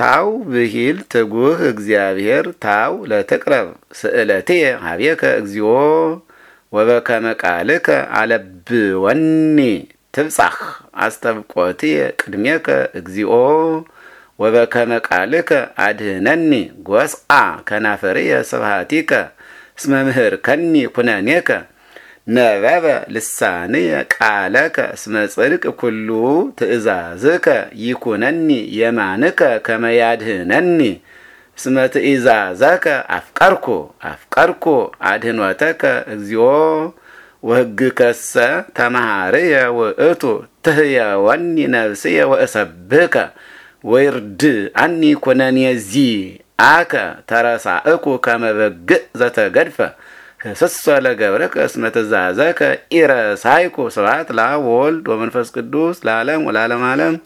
ታው ብሂል ትጉህ እግዚአብሔር ታው ለትቅረብ ስእለቴ ሀቤከ እግዚኦ ወበከመ ቃልከ አለብወኒ ትብጻሕ አስጠብቆት ቅድሜከ እግዚኦ ወበከመ ቃልከ አድህነኒ ጐስአ ከናፈርየ ስብሃቲከ እስመ ከኒ ኩነኔከ ነበበ ልሳንየ ቃለከ እስመ ጽድቅ ኩሉ ትእዛዝከ ይኩነኒ የማንከ ከመያድህነኒ እስመ ትእዛዘከ አፍቀርኩ አፍቀርኩ አድህኖተከ እግዚኦ ከሰ ተማሃርየ ውእቱ ትህየወኒ ነብስየ ወእሰብከ ወይርድ አኒ ኩነኔ አከ ተረሳእኩ ከመበግእ ዘተገድፈ ከሰሰለ ገብረ ከእስነ ትእዛዘከ ኢረሳይኩ ስብሐት ለአብ ወወልድ ወመንፈስ ቅዱስ ለዓለም ወለዓለመ ዓለም